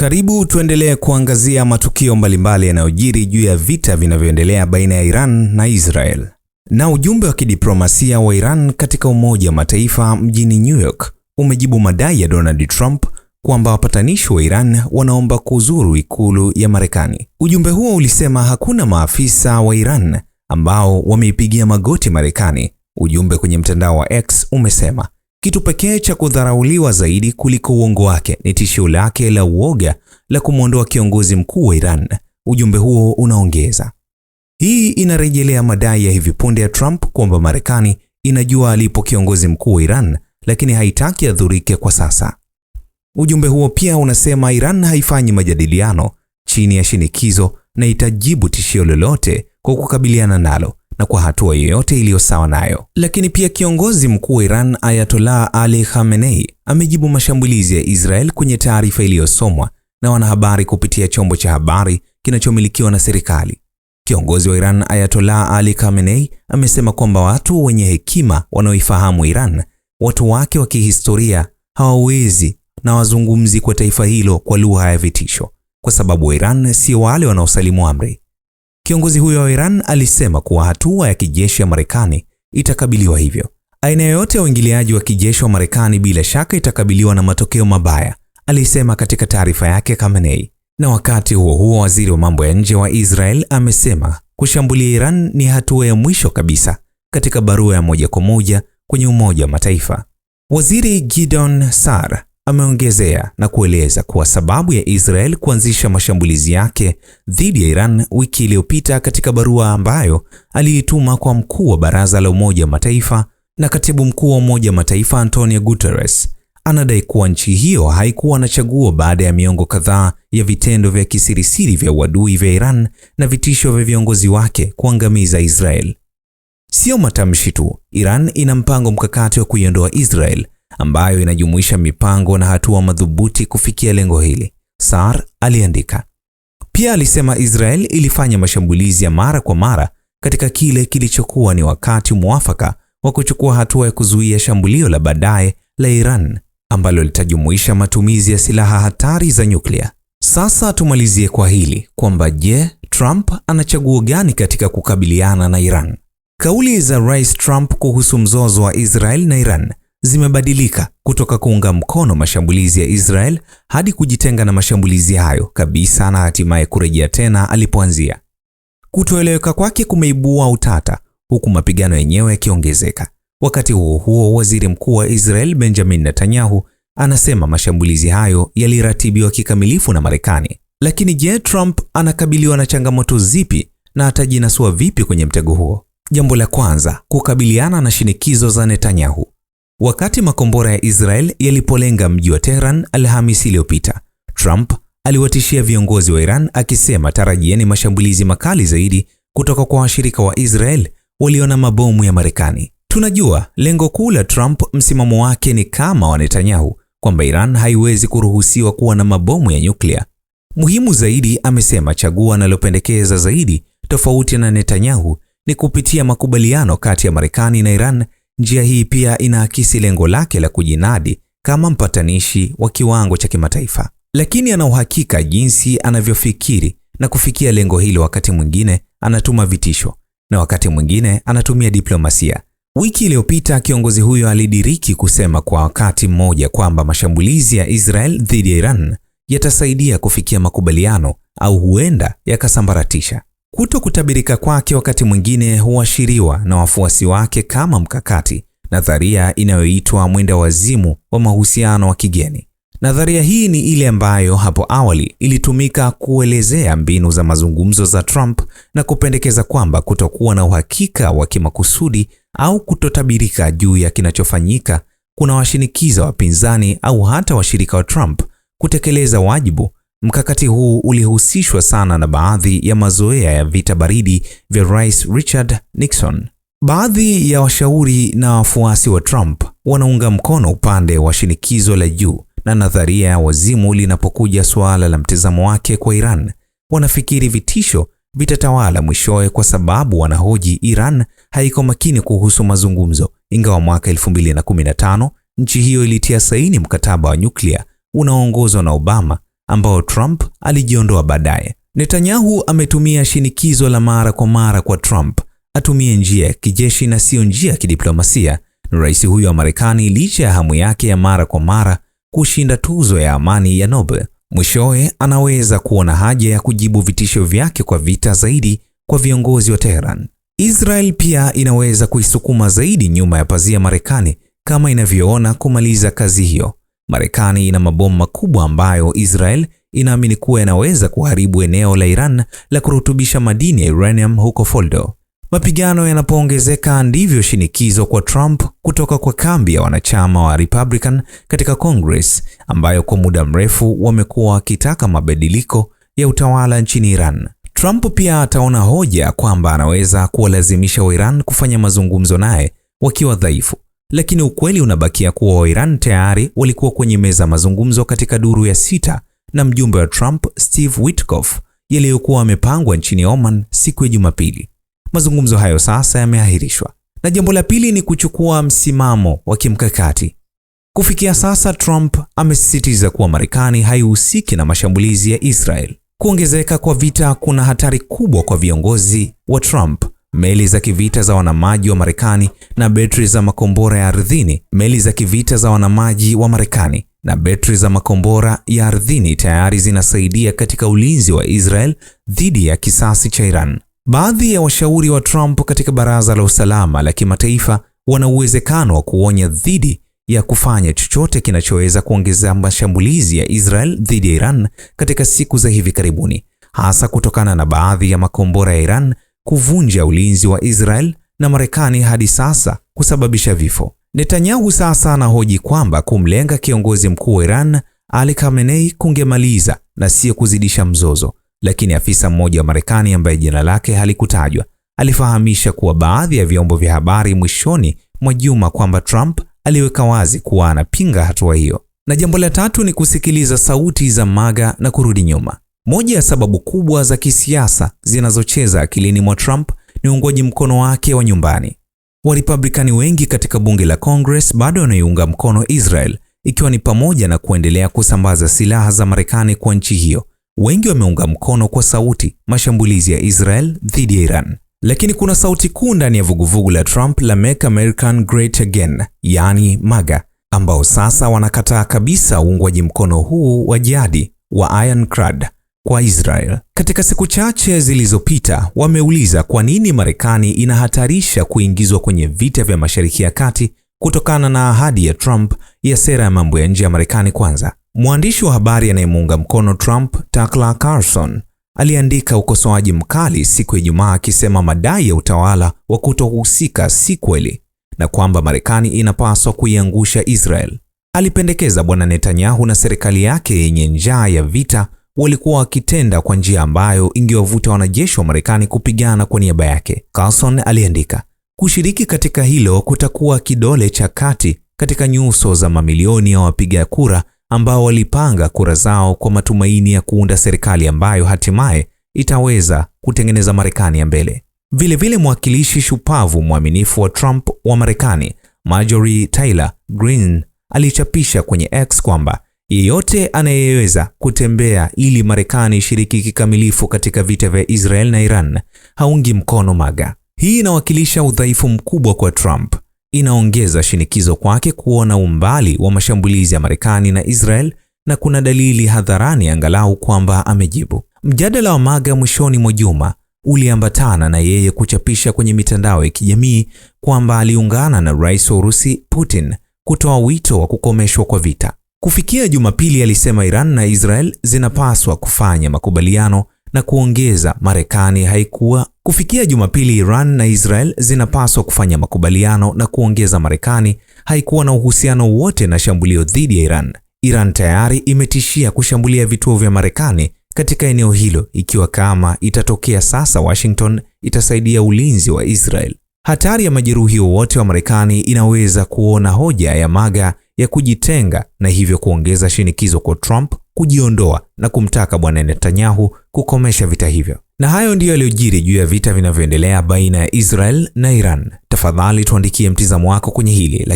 Karibu tuendelee kuangazia matukio mbalimbali yanayojiri juu ya vita vinavyoendelea baina ya Iran na Israel. Na ujumbe wa kidiplomasia wa Iran katika Umoja wa Mataifa mjini New York umejibu madai ya Donald Trump kwamba wapatanishi wa Iran wanaomba kuzuru ikulu ya Marekani. Ujumbe huo ulisema hakuna maafisa wa Iran ambao wameipigia magoti Marekani. Ujumbe kwenye mtandao wa X umesema kitu pekee cha kudharauliwa zaidi kuliko uongo wake ni tishio lake la uoga la kumwondoa kiongozi mkuu wa Iran, ujumbe huo unaongeza. Hii inarejelea madai ya hivi punde ya Trump kwamba Marekani inajua alipo kiongozi mkuu wa Iran, lakini haitaki adhurike kwa sasa. Ujumbe huo pia unasema Iran haifanyi majadiliano chini ya shinikizo na itajibu tishio lolote kwa kukabiliana nalo na kwa hatua yoyote iliyo sawa nayo. Lakini pia kiongozi mkuu wa Iran Ayatollah Ali Khamenei amejibu mashambulizi ya Israel kwenye taarifa iliyosomwa na wanahabari kupitia chombo cha habari kinachomilikiwa na serikali. Kiongozi wa Iran Ayatollah Ali Khamenei amesema kwamba watu wenye hekima wanaoifahamu Iran, watu wake wa kihistoria, hawawezi na wazungumzi kwa taifa hilo kwa lugha ya vitisho, kwa sababu Iran sio wale wanaosalimu amri. Kiongozi huyo wa Iran alisema kuwa hatua ya kijeshi ya Marekani itakabiliwa hivyo. Aina yoyote ya uingiliaji wa kijeshi wa Marekani bila shaka itakabiliwa na matokeo mabaya, alisema katika taarifa yake Khamenei. Na wakati huo huo, waziri wa mambo ya nje wa Israel amesema kushambulia Iran ni hatua ya mwisho kabisa katika barua ya moja kwa moja kwenye Umoja wa Mataifa. Waziri Gideon Sar ameongezea na kueleza kuwa sababu ya Israel kuanzisha mashambulizi yake dhidi ya Iran wiki iliyopita katika barua ambayo aliituma kwa mkuu wa Baraza la Umoja wa Mataifa na Katibu Mkuu wa Umoja wa Mataifa Antonio Guterres, anadai kuwa nchi hiyo haikuwa na chaguo baada ya miongo kadhaa ya vitendo vya kisirisiri vya uadui vya Iran na vitisho vya viongozi wake kuangamiza Israel. Sio matamshi tu, Iran ina mpango mkakati wa kuiondoa Israel ambayo inajumuisha mipango na hatua madhubuti kufikia lengo hili, Sar aliandika. Pia alisema Israel ilifanya mashambulizi ya mara kwa mara katika kile kilichokuwa ni wakati mwafaka wa kuchukua hatua ya kuzuia shambulio la baadaye la Iran ambalo litajumuisha matumizi ya silaha hatari za nyuklia. Sasa tumalizie kwa hili kwamba je, Trump ana chaguo gani katika kukabiliana na Iran? Kauli za Rais Trump kuhusu mzozo wa Israel na Iran zimebadilika kutoka kuunga mkono mashambulizi ya Israel hadi kujitenga na mashambulizi hayo kabisa na hatimaye kurejea tena alipoanzia. Kutoeleweka kwake kumeibua utata, huku mapigano yenyewe yakiongezeka. Wakati huo huo, waziri mkuu wa Israel Benjamin Netanyahu anasema mashambulizi hayo yaliratibiwa kikamilifu na Marekani. Lakini je, Trump anakabiliwa na changamoto zipi na atajinasua vipi kwenye mtego huo? Jambo la kwanza, kukabiliana na shinikizo za Netanyahu. Wakati makombora ya Israel yalipolenga mji wa Tehran Alhamisi iliyopita, Trump aliwatishia viongozi wa Iran akisema, tarajieni mashambulizi makali zaidi kutoka kwa washirika wa Israel waliona mabomu ya Marekani. Tunajua lengo kuu la Trump, msimamo wake ni kama wa Netanyahu kwamba Iran haiwezi kuruhusiwa kuwa na mabomu ya nyuklia. Muhimu zaidi, amesema, chaguo analopendekeza zaidi tofauti na Netanyahu ni kupitia makubaliano kati ya Marekani na Iran Njia hii pia inaakisi lengo lake la kujinadi kama mpatanishi wa kiwango cha kimataifa, lakini ana uhakika jinsi anavyofikiri na kufikia lengo hilo. Wakati mwingine anatuma vitisho na wakati mwingine anatumia diplomasia. Wiki iliyopita kiongozi huyo alidiriki kusema kwa wakati mmoja kwamba mashambulizi ya Israel dhidi ya Iran yatasaidia kufikia makubaliano au huenda yakasambaratisha. Kuto kutabirika kwake wakati mwingine huashiriwa na wafuasi wake kama mkakati, nadharia inayoitwa mwenda wazimu wa mahusiano wa kigeni. Nadharia hii ni ile ambayo hapo awali ilitumika kuelezea mbinu za mazungumzo za Trump na kupendekeza kwamba kutokuwa na uhakika wa kimakusudi au kutotabirika juu ya kinachofanyika kuna washinikiza wapinzani au hata washirika wa Trump kutekeleza wajibu Mkakati huu ulihusishwa sana na baadhi ya mazoea ya vita baridi vya Rais Richard Nixon. Baadhi ya washauri na wafuasi wa Trump wanaunga mkono upande wa shinikizo la juu na nadharia ya wazimu linapokuja suala la mtizamo wake kwa Iran. Wanafikiri vitisho vitatawala mwishowe kwa sababu wanahoji Iran haiko makini kuhusu mazungumzo, ingawa mwaka 2015 nchi hiyo ilitia saini mkataba wa nyuklia unaoongozwa na Obama ambao Trump alijiondoa baadaye. Netanyahu ametumia shinikizo la mara kwa mara kwa Trump atumie njia ya kijeshi na siyo njia ya kidiplomasia. Rais huyo wa Marekani, licha ya hamu yake ya mara kwa mara kushinda tuzo ya amani ya Nobel, mwishowe anaweza kuona haja ya kujibu vitisho vyake kwa vita zaidi kwa viongozi wa Tehran. Israel pia inaweza kuisukuma zaidi nyuma ya pazia Marekani kama inavyoona kumaliza kazi hiyo. Marekani ina mabomu makubwa ambayo Israel inaamini kuwa yanaweza kuharibu eneo la Iran la kurutubisha madini ya uranium huko Foldo. Mapigano yanapoongezeka ndivyo shinikizo kwa Trump kutoka kwa kambi ya wanachama wa Republican katika Congress ambayo kwa muda mrefu wamekuwa wakitaka mabadiliko ya utawala nchini Iran. Trump pia ataona hoja kwamba anaweza kuwalazimisha Wairan kufanya mazungumzo naye wakiwa dhaifu lakini ukweli unabakia kuwa Wairan tayari walikuwa kwenye meza mazungumzo katika duru ya sita na mjumbe wa Trump Steve Witkoff yaliyokuwa amepangwa nchini Oman siku ya Jumapili. Mazungumzo hayo sasa yameahirishwa. Na jambo la pili ni kuchukua msimamo wa kimkakati. Kufikia sasa, Trump amesisitiza kuwa Marekani haihusiki na mashambulizi ya Israel. Kuongezeka kwa vita kuna hatari kubwa kwa viongozi wa Trump meli za kivita za wanamaji wa Marekani na betri za makombora ya ardhini. Meli za kivita za wanamaji wa Marekani na betri za makombora ya ardhini tayari zinasaidia katika ulinzi wa Israel dhidi ya kisasi cha Iran. Baadhi ya washauri wa Trump katika Baraza la Usalama la Kimataifa wana uwezekano wa kuonya dhidi ya kufanya chochote kinachoweza kuongeza mashambulizi ya Israel dhidi ya Iran katika siku za hivi karibuni, hasa kutokana na baadhi ya makombora ya Iran kuvunja ulinzi wa Israel na Marekani hadi sasa kusababisha vifo. Netanyahu sasa anahoji kwamba kumlenga kiongozi mkuu wa Iran Ali Khamenei kungemaliza na sio kuzidisha mzozo, lakini afisa mmoja wa Marekani ambaye jina lake halikutajwa alifahamisha kuwa baadhi ya vyombo vya habari mwishoni mwa juma kwamba Trump aliweka wazi kuwa anapinga hatua hiyo. Na jambo la tatu ni kusikiliza sauti za MAGA na kurudi nyuma. Moja ya sababu kubwa za kisiasa zinazocheza akilini mwa Trump ni uungwaji mkono wake wa nyumbani. Warepublikani wengi katika bunge la Congress bado wanaiunga mkono Israel, ikiwa ni pamoja na kuendelea kusambaza silaha za Marekani kwa nchi hiyo. Wengi wameunga mkono kwa sauti mashambulizi ya Israel dhidi ya Iran, lakini kuna sauti kuu ndani ya vuguvugu la Trump la Make America Great Again, yaani MAGA, ambao sasa wanakataa kabisa uungwaji mkono huu wa jadi wa Ironclad kwa Israel. Katika siku chache zilizopita, wameuliza kwa nini Marekani inahatarisha kuingizwa kwenye vita vya Mashariki ya Kati kutokana na ahadi ya Trump ya sera ya mambo ya nje ya Marekani kwanza. Mwandishi wa habari anayemuunga mkono Trump, Tucker Carlson, aliandika ukosoaji mkali siku ya Ijumaa akisema madai ya utawala wa kutohusika si kweli na kwamba Marekani inapaswa kuiangusha Israel. Alipendekeza Bwana Netanyahu na serikali yake yenye njaa ya vita walikuwa wakitenda kwa njia ambayo ingewavuta wanajeshi wa Marekani kupigana kwa niaba yake. Carlson aliandika, kushiriki katika hilo kutakuwa kidole cha kati katika nyuso za mamilioni ya wapiga kura ambao walipanga kura zao kwa matumaini ya kuunda serikali ambayo hatimaye itaweza kutengeneza Marekani ya mbele. Vilevile, mwakilishi shupavu mwaminifu wa Trump wa Marekani, Marjorie Taylor Greene alichapisha kwenye X kwamba Yeyote anayeweza kutembea ili Marekani ishiriki kikamilifu katika vita vya Israel na Iran haungi mkono MAGA. Hii inawakilisha udhaifu mkubwa kwa Trump. Inaongeza shinikizo kwake kuona umbali wa mashambulizi ya Marekani na Israel na kuna dalili hadharani angalau kwamba amejibu. Mjadala wa MAGA mwishoni mwa juma uliambatana na yeye kuchapisha kwenye mitandao ya kijamii kwamba aliungana na Rais wa Urusi Putin kutoa wito wa kukomeshwa kwa vita. Kufikia Jumapili, alisema Iran na Israel zinapaswa kufanya makubaliano na kuongeza Marekani haikuwa Kufikia Jumapili, Iran na Israel zinapaswa kufanya makubaliano na kuongeza Marekani haikuwa na uhusiano wote na shambulio dhidi ya Iran. Iran tayari imetishia kushambulia vituo vya Marekani katika eneo hilo ikiwa kama itatokea sasa Washington itasaidia ulinzi wa Israel. Hatari ya majeruhi wowote wa Marekani inaweza kuona hoja ya MAGA ya kujitenga na hivyo kuongeza shinikizo kwa Trump kujiondoa na kumtaka Bwana Netanyahu kukomesha vita hivyo. Na hayo ndiyo yaliyojiri juu ya vita vinavyoendelea baina ya Israel na Iran. Tafadhali tuandikie mtizamo wako kwenye hili.